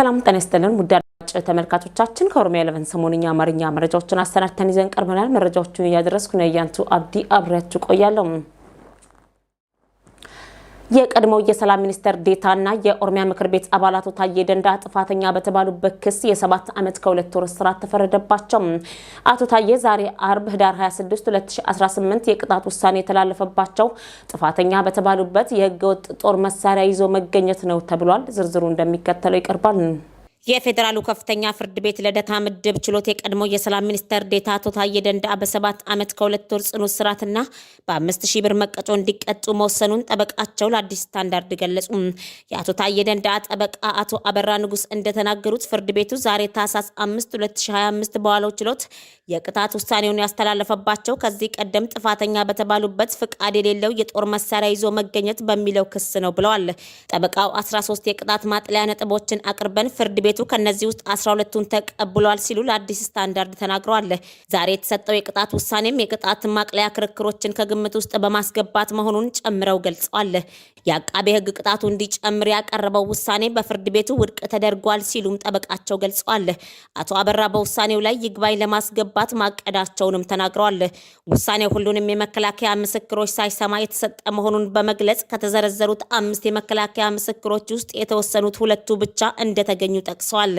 ሰላም ጤና ይስጥልን ውድ አድማጭ ተመልካቾቻችን፣ ከኦሮሚያ ኤሌቨን ሰሞንኛ አማርኛ መረጃዎችን አሰናድተን ይዘን ቀርበናል። መረጃዎቹን እያደረስኩ ነው እያንቱ አብዲ አብሬያችሁ ቆያለሁ። የቀድሞው የሰላም ሚኒስትር ዴታና የኦሮሚያ ምክር ቤት አባላቱ ታዬ ደንዳ ጥፋተኛ በተባሉበት ክስ የሰባት ዓመት ከሁለት ወር እስራት ተፈረደባቸው። አቶ ታዬ ዛሬ አርብ ህዳር 26 2018 የቅጣት ውሳኔ የተላለፈባቸው ጥፋተኛ በተባሉበት የህገወጥ ጦር መሳሪያ ይዞ መገኘት ነው ተብሏል። ዝርዝሩ እንደሚከተለው ይቀርባል። የፌዴራሉ ከፍተኛ ፍርድ ቤት ልደታ ምድብ ችሎት የቀድሞ የሰላም ሚኒስተር ዴታ አቶ ታዬ ደንደአ በሰባት ዓመት ከሁለት ወር ጽኑ እስራትና በአምስት ሺህ ብር መቀጮ እንዲቀጡ መወሰኑን ጠበቃቸው ለአዲስ ስታንዳርድ ገለጹ። የአቶ ታዬ ደንደአ ጠበቃ አቶ አበራ ንጉስ እንደተናገሩት ፍርድ ቤቱ ዛሬ ታህሳስ 5 2025 በዋለው ችሎት የቅጣት ውሳኔውን ያስተላለፈባቸው ከዚህ ቀደም ጥፋተኛ በተባሉበት ፍቃድ የሌለው የጦር መሳሪያ ይዞ መገኘት በሚለው ክስ ነው ብለዋል። ጠበቃው 13 የቅጣት ማጥለያ ነጥቦችን አቅርበን ፍርድ ቤት ቤቱ ከነዚህ ውስጥ 12ቱን ተቀብሏል ሲሉ ለአዲስ ስታንዳርድ ተናግረዋል። ዛሬ የተሰጠው የቅጣት ውሳኔም የቅጣት ማቅለያ ክርክሮችን ከግምት ውስጥ በማስገባት መሆኑን ጨምረው ገልጸዋል። የአቃቤ ሕግ ቅጣቱ እንዲጨምር ያቀረበው ውሳኔ በፍርድ ቤቱ ውድቅ ተደርጓል ሲሉም ጠበቃቸው ገልጸዋል። አቶ አበራ በውሳኔው ላይ ይግባኝ ለማስገባት ማቀዳቸውንም ተናግረዋል። ውሳኔው ሁሉንም የመከላከያ ምስክሮች ሳይሰማ የተሰጠ መሆኑን በመግለጽ ከተዘረዘሩት አምስት የመከላከያ ምስክሮች ውስጥ የተወሰኑት ሁለቱ ብቻ እንደተገኙ ጠቅ ጠቅሰዋል።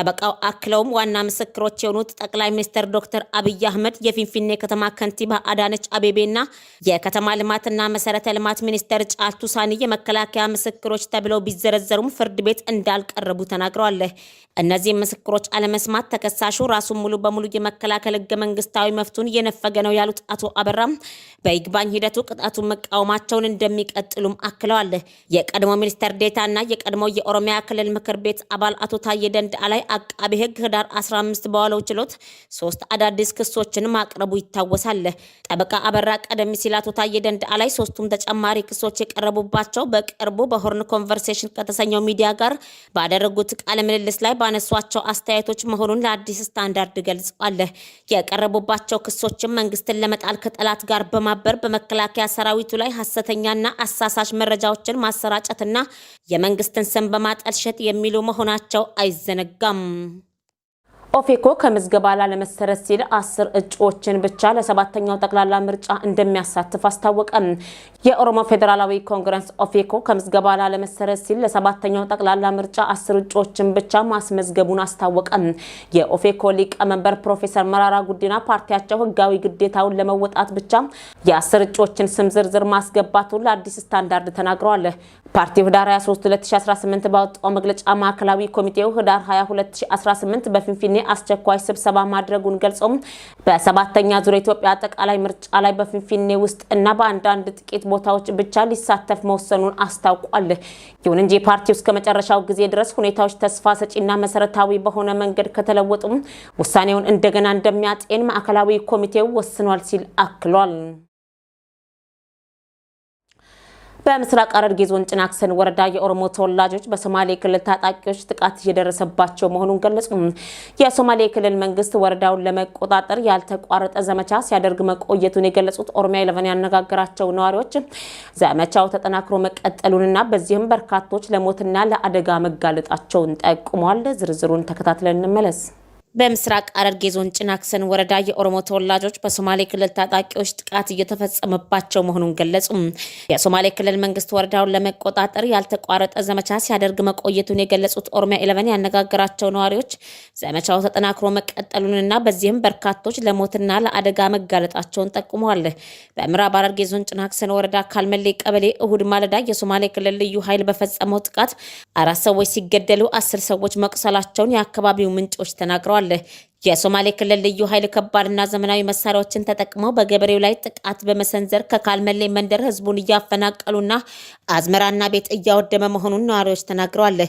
ጠበቃው አክለውም ዋና ምስክሮች የሆኑት ጠቅላይ ሚኒስትር ዶክተር አብይ አህመድ፣ የፊንፊኔ ከተማ ከንቲባ አዳነች አቤቤና የከተማ ልማትና መሰረተ ልማት ሚኒስትር ጫልቱ ሳኒ የመከላከያ ምስክሮች ተብለው ቢዘረዘሩም ፍርድ ቤት እንዳልቀረቡ ተናግረዋል። እነዚህ ምስክሮች አለመስማት ተከሳሹ ራሱን ሙሉ በሙሉ የመከላከል ህገ መንግስታዊ መፍቱን እየነፈገ ነው ያሉት አቶ አበራም በይግባኝ ሂደቱ ቅጣቱን መቃወማቸውን እንደሚቀጥሉም አክለዋል። የቀድሞ ሚኒስትር ዴታና የቀድሞ የኦሮሚያ ክልል ምክር ቤት አባል አቶ አቶ ታዬ ደንደአ ላይ አቃቤ ሕግ ህዳር 15 በዋለው ችሎት ሶስት አዳዲስ ክሶችን ማቅረቡ ይታወሳል። ጠበቃ አበራ ቀደም ሲል አቶ ታዬ ደንደአ ላይ ሶስቱም ተጨማሪ ክሶች የቀረቡባቸው በቅርቡ በሆርን ኮንቨርሴሽን ከተሰኘው ሚዲያ ጋር ባደረጉት ቃለ ምልልስ ላይ ባነሷቸው አስተያየቶች መሆኑን ለአዲስ ስታንዳርድ ገልጸዋል። የቀረቡባቸው ክሶችም መንግስትን ለመጣል ከጠላት ጋር በማበር በመከላከያ ሰራዊቱ ላይ ሀሰተኛና አሳሳሽ መረጃዎችን ማሰራጨትና የመንግስትን ስም በማጠልሸት የሚሉ መሆናቸው a gum. ኦፌኮ ከምዝገባ ላለመሰረት ሲል አስር እጩዎችን ብቻ ለሰባተኛው ጠቅላላ ምርጫ እንደሚያሳትፍ አስታወቀ። የኦሮሞ ፌዴራላዊ ኮንግረስ ኦፌኮ ከምዝገባ ላለመሰረት ሲል ለሰባተኛው ጠቅላላ ምርጫ አስር እጩዎችን ብቻ ማስመዝገቡን አስታወቀ። የኦፌኮ ሊቀመንበር ፕሮፌሰር መራራ ጉዲና ፓርቲያቸው ህጋዊ ግዴታውን ለመወጣት ብቻ የአስር እጩዎችን ስም ዝርዝር ማስገባቱን ለአዲስ ስታንዳርድ ተናግረዋል። ፓርቲው ህዳር 23 2018 ባወጣው መግለጫ ማዕከላዊ ኮሚቴው ህዳር 22 2018 በፊንፊኔ አስቸኳይ ስብሰባ ማድረጉን ገልጾም በሰባተኛ ዙር ኢትዮጵያ አጠቃላይ ምርጫ ላይ በፊንፊኔ ውስጥ እና በአንዳንድ ጥቂት ቦታዎች ብቻ ሊሳተፍ መወሰኑን አስታውቋል። ይሁን እንጂ ፓርቲው እስከ መጨረሻው ጊዜ ድረስ ሁኔታዎች ተስፋ ሰጪና መሰረታዊ በሆነ መንገድ ከተለወጡም ውሳኔውን እንደገና እንደሚያጤን ማዕከላዊ ኮሚቴው ወስኗል ሲል አክሏል። በምስራቅ ሐረርጌ ዞን ጭናክሰን ወረዳ የኦሮሞ ተወላጆች በሶማሌ ክልል ታጣቂዎች ጥቃት እየደረሰባቸው መሆኑን ገለጹ። የሶማሌ ክልል መንግስት ወረዳውን ለመቆጣጠር ያልተቋረጠ ዘመቻ ሲያደርግ መቆየቱን የገለጹት ኦሮሚያ ኢለቨን ያነጋገራቸው ነዋሪዎች ዘመቻው ተጠናክሮ መቀጠሉንና በዚህም በርካቶች ለሞትና ለአደጋ መጋለጣቸውን ጠቁመዋል። ዝርዝሩን ተከታትለን እንመለስ። በምስራቅ ሐረርጌ ዞን ጭናክሰን ወረዳ የኦሮሞ ተወላጆች በሶማሌ ክልል ታጣቂዎች ጥቃት እየተፈጸመባቸው መሆኑን ገለጹ። የሶማሌ ክልል መንግስት ወረዳውን ለመቆጣጠር ያልተቋረጠ ዘመቻ ሲያደርግ መቆየቱን የገለጹት ኦሮሚያ ኢለቨን ያነጋገራቸው ነዋሪዎች ዘመቻው ተጠናክሮ መቀጠሉንና በዚህም በርካቶች ለሞትና ለአደጋ መጋለጣቸውን ጠቁመዋል። በምዕራብ ሐረርጌ ዞን ጭናክሰን ወረዳ ካልመሌ ቀበሌ እሁድ ማለዳ የሶማሌ ክልል ልዩ ኃይል በፈጸመው ጥቃት አራት ሰዎች ሲገደሉ አስር ሰዎች መቁሰላቸውን የአካባቢው ምንጮች ተናግረዋል። ገልጿል። የሶማሌ ክልል ልዩ ኃይል ከባድና ዘመናዊ መሳሪያዎችን ተጠቅመው በገበሬው ላይ ጥቃት በመሰንዘር ከካልመሌ መንደር ህዝቡን እያፈናቀሉና አዝመራና ቤት እያወደመ መሆኑን ነዋሪዎች ተናግረዋል።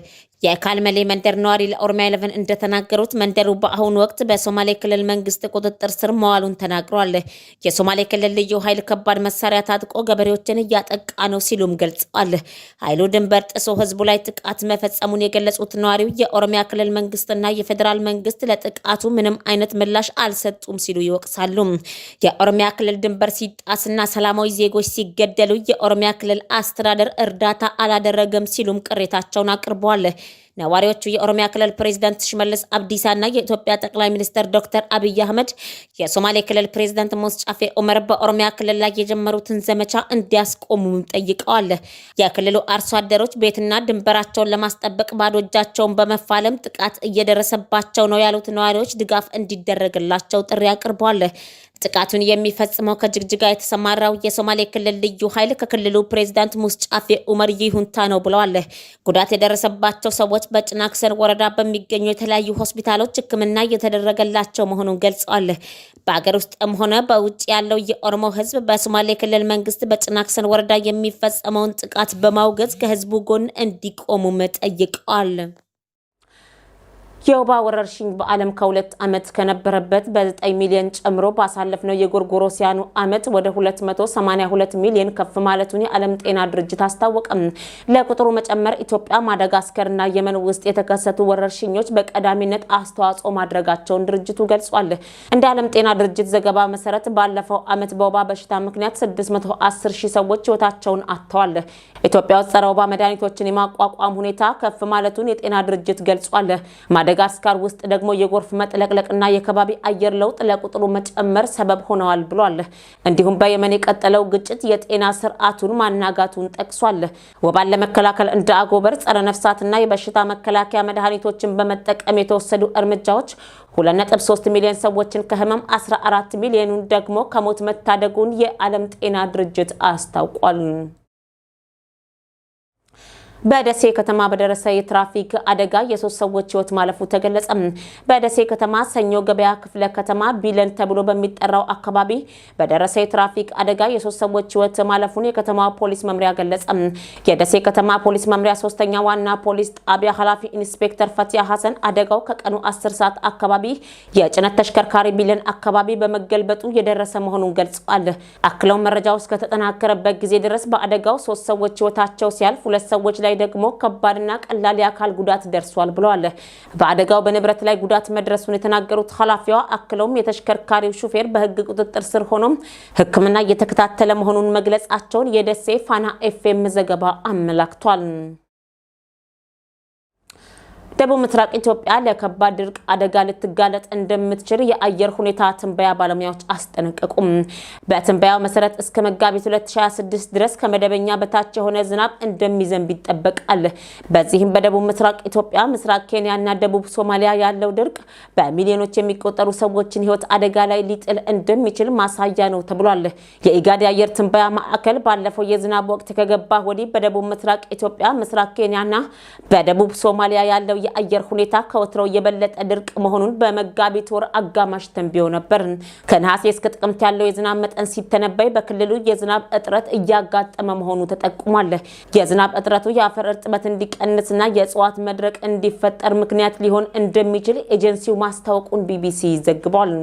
የካልመሌ መንደር ነዋሪ ለኦሮሚያ ኤሌቨን እንደተናገሩት መንደሩ በአሁኑ ወቅት በሶማሌ ክልል መንግስት ቁጥጥር ስር መዋሉን ተናግሯል። የሶማሌ ክልል ልዩ ኃይል ከባድ መሳሪያ ታጥቆ ገበሬዎችን እያጠቃ ነው ሲሉም ገልጸዋል። ኃይሉ ድንበር ጥሶ ህዝቡ ላይ ጥቃት መፈጸሙን የገለጹት ነዋሪው የኦሮሚያ ክልል መንግስትና የፌዴራል መንግስት ለጥቃቱ ምንም አይነት ምላሽ አልሰጡም ሲሉ ይወቅሳሉ። የኦሮሚያ ክልል ድንበር ሲጣስና ሰላማዊ ዜጎች ሲገደሉ የኦሮሚያ ክልል አስተዳደር እርዳታ አላደረገም ሲሉም ቅሬታቸውን አቅርበዋል። ነዋሪዎቹ የኦሮሚያ ክልል ፕሬዚዳንት ሽመልስ አብዲሳና የኢትዮጵያ ጠቅላይ ሚኒስትር ዶክተር አብይ አህመድ የሶማሌ ክልል ፕሬዚዳንት ጫፌ ኦመር በኦሮሚያ ክልል ላይ የጀመሩትን ዘመቻ እንዲያስቆሙም ጠይቀዋል። የክልሉ አርሶ አደሮች ቤትና ድንበራቸውን ለማስጠበቅ ባዶ እጃቸውን በመፋለም ጥቃት እየደረሰባቸው ነው ያሉት ነዋሪዎች ድጋፍ እንዲደረግላቸው ጥሪ አቅርበዋል። ጥቃቱን የሚፈጽመው ከጅግጅጋ የተሰማራው የሶማሌ ክልል ልዩ ኃይል ከክልሉ ፕሬዚዳንት ሙስጫፌ ኡመር ይሁንታ ነው ብለዋል። ጉዳት የደረሰባቸው ሰዎች በጭናክሰን ወረዳ በሚገኙ የተለያዩ ሆስፒታሎች ሕክምና እየተደረገላቸው መሆኑን ገልጸዋል። በአገር ውስጥም ሆነ በውጭ ያለው የኦሮሞ ሕዝብ በሶማሌ ክልል መንግስት በጭናክሰን ወረዳ የሚፈጸመውን ጥቃት በማውገዝ ከህዝቡ ጎን እንዲቆሙም ጠይቀዋል። የወባ ወረርሽኝ በዓለም ከሁለት ዓመት ከነበረበት በ9 ሚሊዮን ጨምሮ ባሳለፍነው የጎርጎሮሲያኑ ዓመት ወደ 282 ሚሊዮን ከፍ ማለቱን የዓለም ጤና ድርጅት አስታወቀም። ለቁጥሩ መጨመር ኢትዮጵያ፣ ማዳጋስከርና የመን ውስጥ የተከሰቱ ወረርሽኞች በቀዳሚነት አስተዋጽኦ ማድረጋቸውን ድርጅቱ ገልጿል። እንደ ዓለም ጤና ድርጅት ዘገባ መሰረት ባለፈው ዓመት በወባ በሽታ ምክንያት 610 ሺህ ሰዎች ህይወታቸውን አጥተዋል። ኢትዮጵያ ውስጥ ጸረ ወባ መድኃኒቶችን የማቋቋም ሁኔታ ከፍ ማለቱን የጤና ድርጅት ገልጿል። ማደጋስካር ውስጥ ደግሞ የጎርፍ መጥለቅለቅና የከባቢ አየር ለውጥ ለቁጥሩ መጨመር ሰበብ ሆነዋል ብሏል። እንዲሁም በየመን የቀጠለው ግጭት የጤና ስርዓቱን ማናጋቱን ጠቅሷል። ወባን ለመከላከል እንደ አጎበር፣ ጸረ ነፍሳትና የበሽታ መከላከያ መድኃኒቶችን በመጠቀም የተወሰዱ እርምጃዎች 2.3 ሚሊዮን ሰዎችን ከህመም 14 ሚሊዮኑን ደግሞ ከሞት መታደጉን የዓለም ጤና ድርጅት አስታውቋል። በደሴ ከተማ በደረሰ የትራፊክ አደጋ የሶስት ሰዎች ህይወት ማለፉ ተገለጸ። በደሴ ከተማ ሰኞ ገበያ ክፍለ ከተማ ቢለን ተብሎ በሚጠራው አካባቢ በደረሰ የትራፊክ አደጋ የሶስት ሰዎች ህይወት ማለፉን የከተማ ፖሊስ መምሪያ ገለጸ። የደሴ ከተማ ፖሊስ መምሪያ ሶስተኛ ዋና ፖሊስ ጣቢያ ኃላፊ ኢንስፔክተር ፈቲያ ሀሰን አደጋው ከቀኑ 10 ሰዓት አካባቢ የጭነት ተሽከርካሪ ቢለን አካባቢ በመገልበጡ የደረሰ መሆኑን ገልጸዋል። አክለው መረጃው እስከተጠናከረበት ጊዜ ድረስ በአደጋው ሶስት ሰዎች ህይወታቸው ሲያልፍ ሁለት ሰዎች ላይ ደግሞ ከባድና ቀላል የአካል ጉዳት ደርሷል ብለዋል። በአደጋው በንብረት ላይ ጉዳት መድረሱን የተናገሩት ኃላፊዋ አክለውም የተሽከርካሪው ሹፌር በህግ ቁጥጥር ስር ሆኖም ሕክምና እየተከታተለ መሆኑን መግለጻቸውን የደሴ ፋና ኤፍኤም ዘገባ አመላክቷል። ደቡብ ምስራቅ ኢትዮጵያ ለከባድ ድርቅ አደጋ ልትጋለጥ እንደምትችል የአየር ሁኔታ ትንበያ ባለሙያዎች አስጠነቀቁም። በትንበያው መሰረት እስከ መጋቢት 2026 ድረስ ከመደበኛ በታች የሆነ ዝናብ እንደሚዘንብ ይጠበቃል። በዚህም በደቡብ ምስራቅ ኢትዮጵያ፣ ምስራቅ ኬንያና ደቡብ ሶማሊያ ያለው ድርቅ በሚሊዮኖች የሚቆጠሩ ሰዎችን ሕይወት አደጋ ላይ ሊጥል እንደሚችል ማሳያ ነው ተብሏል። የኢጋድ የአየር ትንበያ ማዕከል ባለፈው የዝናብ ወቅት ከገባ ወዲህ በደቡብ ምስራቅ ኢትዮጵያ፣ ምስራቅ ኬንያና በደቡብ ሶማሊያ ያለው የአየር ሁኔታ ከወትሮው የበለጠ ድርቅ መሆኑን በመጋቢት ወር አጋማሽ ተንብዮ ነበር። ከነሐሴ እስከ ጥቅምት ያለው የዝናብ መጠን ሲተነበይ በክልሉ የዝናብ እጥረት እያጋጠመ መሆኑ ተጠቁሟል። የዝናብ እጥረቱ የአፈር እርጥበት እንዲቀንስና የእጽዋት መድረቅ እንዲፈጠር ምክንያት ሊሆን እንደሚችል ኤጀንሲው ማስታወቁን ቢቢሲ ዘግቧል።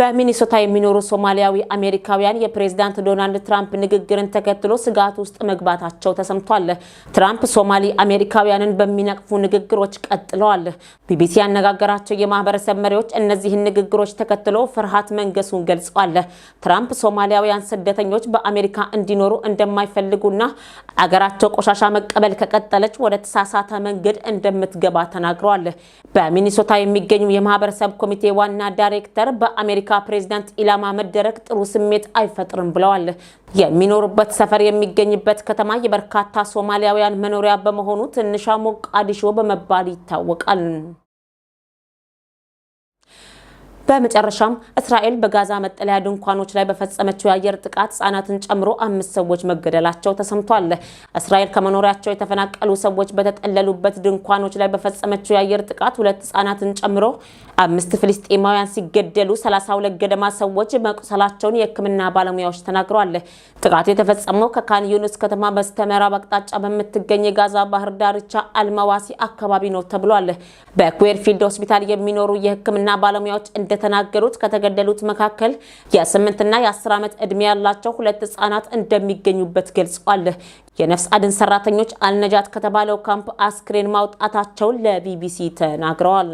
በሚኒሶታ የሚኖሩ ሶማሊያዊ አሜሪካውያን የፕሬዝዳንት ዶናልድ ትራምፕ ንግግርን ተከትሎ ስጋት ውስጥ መግባታቸው ተሰምቷል። ትራምፕ ሶማሊ አሜሪካውያንን በሚነቅፉ ንግግሮች ቀጥለዋል። ቢቢሲ ያነጋገራቸው የማህበረሰብ መሪዎች እነዚህን ንግግሮች ተከትሎ ፍርሃት መንገሱን ገልጸዋል። ትራምፕ ሶማሊያውያን ስደተኞች በአሜሪካ እንዲኖሩ እንደማይፈልጉና አገራቸው ቆሻሻ መቀበል ከቀጠለች ወደ ተሳሳተ መንገድ እንደምትገባ ተናግረዋል። በሚኒሶታ የሚገኙ የማህበረሰብ ኮሚቴ ዋና ዳይሬክተር በአሜሪካ የአሜሪካ ፕሬዚዳንት ኢላማ መደረግ ጥሩ ስሜት አይፈጥርም ብለዋል። የሚኖሩበት ሰፈር የሚገኝበት ከተማ የበርካታ ሶማሊያውያን መኖሪያ በመሆኑ ትንሿ ሞቃዲሾ በመባል ይታወቃል። በመጨረሻም እስራኤል በጋዛ መጠለያ ድንኳኖች ላይ በፈጸመችው የአየር ጥቃት ህጻናትን ጨምሮ አምስት ሰዎች መገደላቸው ተሰምቷል። እስራኤል ከመኖሪያቸው የተፈናቀሉ ሰዎች በተጠለሉበት ድንኳኖች ላይ በፈጸመችው የአየር ጥቃት ሁለት ህጻናትን ጨምሮ አምስት ፍልስጤማውያን ሲገደሉ 32 ገደማ ሰዎች መቁሰላቸውን የህክምና ባለሙያዎች ተናግረዋል። ጥቃቱ የተፈጸመው ከካን ዩኒስ ከተማ በስተምዕራብ አቅጣጫ በምትገኝ የጋዛ ባህር ዳርቻ አልመዋሲ አካባቢ ነው ተብሏል። በኩዌርፊልድ ሆስፒታል የሚኖሩ የህክምና ባለሙያዎች እንደ እንደተናገሩት ከተገደሉት መካከል የስምንትና የአስር ዓመት ዕድሜ ያላቸው ሁለት ህጻናት እንደሚገኙበት ገልጿል። የነፍስ አድን ሰራተኞች አልነጃት ከተባለው ካምፕ አስክሬን ማውጣታቸውን ለቢቢሲ ተናግረዋል።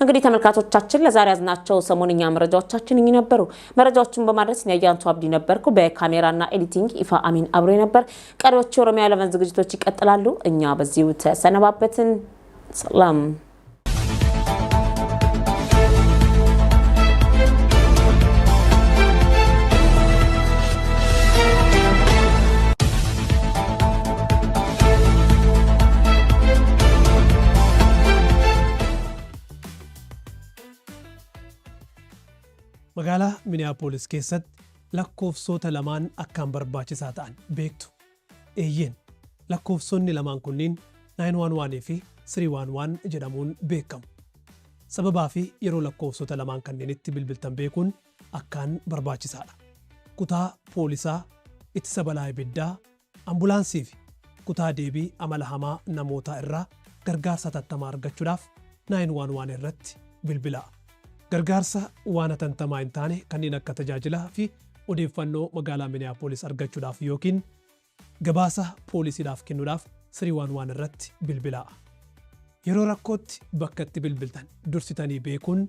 እንግዲህ ተመልካቾቻችን ለዛሬ ያዝናቸው ሰሞንኛ መረጃዎቻችን እኚህ ነበሩ። መረጃዎቹን በማድረስ ኒያያንቱ አብዲ ነበርኩ። በካሜራና ኤዲቲንግ ኢፋ አሚን አብሮ ነበር። ቀሪዎቹ የኦሮሚያ ለመን ዝግጅቶች ይቀጥላሉ። እኛ በዚሁ ተሰነባበትን። ሰላም Magaalaa Miniyaapolis keessatti lakkoofsota lamaan akkaan barbaachisaa ta'an beektu. Eeyyeen lakkoofsonni lamaan kunniin 911 fi 311 jedhamuun beekamu. Sababaa fi yeroo lakkoofsota lamaan itti bilbiltan beekuun akkaan barbaachisaadha. Kutaa poolisaa, ittisa balaa ibiddaa, ambulaansii fi kutaa deebii amala hamaa namootaa irraa gargaarsa tattamaa argachuudhaaf 911 irratti bilbilaa. gargaarsa waan tamaa hin taane kanneen akka tajaajilaa fi odeeffannoo magaalaa Minneapolis argachuudhaaf yookiin gabaasa poolisiidhaaf kennuudhaaf siriiwaan waan irratti bilbilaa'a. Yeroo rakkootti bakka itti bilbiltan dursitanii beekuun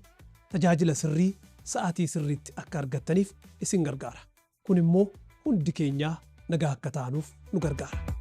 tajaajila sirrii sa'aatii sirriitti akka argattaniif isin gargaara. Kun immoo hundi keenyaa nagaa akka taanuuf nu gargaara.